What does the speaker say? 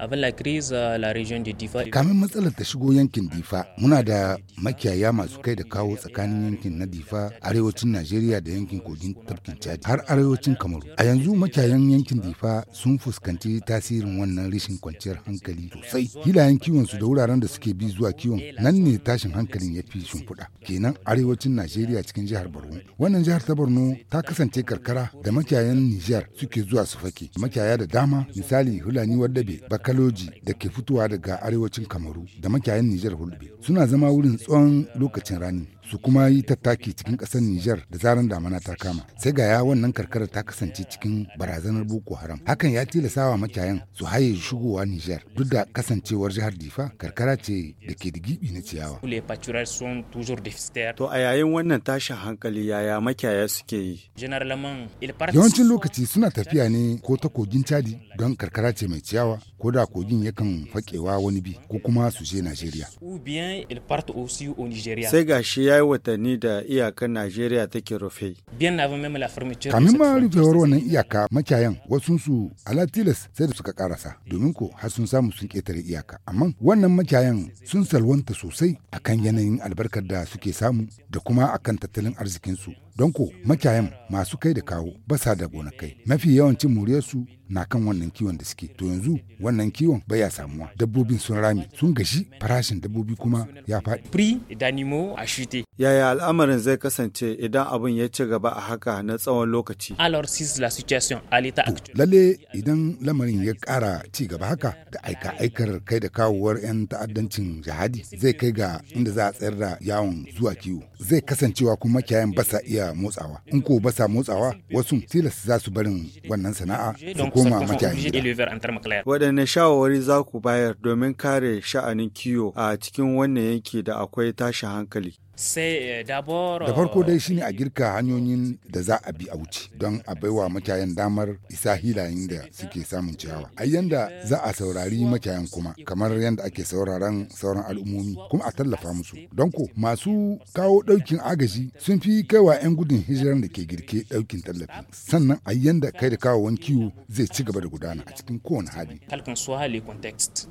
Euh, difa. Kamin matsalar ta shigo yankin Difa, muna da makiyaya masu kai da kawo tsakanin yankin na Difa, arewacin Najeriya da yankin kogin tafkin Chad har arewacin Kamaru. A yanzu makiyayan yankin Difa sun fuskanci tasirin wannan rishin kwanciyar hankali sosai. Hilayen kiwon su da wuraren da suke bi zuwa kiwon nan ne tashin hankalin ya fi shimfiɗa. Kenan arewacin Najeriya cikin jihar Borno. Wannan jihar ta Borno ta kasance karkara da makiyayan Nijar suke zuwa su fake. Makiyaya da dama misali Hulani wadda Baka kaloji da ke fitowa daga arewacin kamaru da makiyayan nijar hulbe suna zama wurin tsawon lokacin rani su kuma yi tattaki cikin ƙasar Nijar da zaran damana ta kama. Sai ga ya wannan karkarar ta kasance cikin barazanar Boko Haram. Hakan ya tilasawa matayan su haye shigowa Nijar duk da kasancewar jihar Difa karkara ce da ke da gibi na ciyawa. To a yayin wannan tashin hankali yaya makiyaya suke yi? Yawancin lokaci suna tafiya ne ko ta kogin Chadi don karkara ce mai ciyawa ko da kogin yakan fakewa wani bi ko kuma su je Najeriya. Sai shi ya yi watanni da iyakar Najeriya take rufe. Kamin ma rufewar wannan iyaka makiyayan wasu su alatilas sai da suka karasa domin ko har sun samu sun ketare iyaka. Amma wannan makiyayan sun salwanta sosai akan yanayin albarkar da suke samu da kuma akan tattalin arzikinsu. don ko makiyayan masu kai da kawo ba basa da gonakai mafi yawancin muryarsu na kan wannan kiwon da suke to yanzu wannan kiwon baya samuwa dabbobin sun rami sun gashi farashin dabbobi kuma ya faɗi yaya al'amarin zai kasance idan abin ya ci gaba a haka na tsawon lokaci lalle idan lamarin ya kara ci gaba haka da aika aikar kai da kawowar 'yan ta'addancin jihadi zai kai ga inda za a tsayar da yawon zuwa kiwo zai kasancewa kuma makiyayan sa iya motsawa in ko ba sa motsawa wasu tilas za su barin wannan sana'a su koma makiyayin waɗanne shawarwari za ku bayar domin kare sha'anin kiwo a cikin wannan yanki da akwai tashin hankali Eh, da farko dai shine a girka hanyoyin da za a bi a wuce don a baiwa matayan damar isa hilayen da suke samun ciyawa a yanda za a saurari makiyayan kuma kamar yadda ake sauraron sauran al'ummomi kuma a tallafa musu don ko masu kawo daukin agaji sun fi kaiwa 'yan gudun hijiran da ke girke daukin tallafi sannan a yanda kai da wani kiwo zai ci gaba da gudana a cikin kowane hali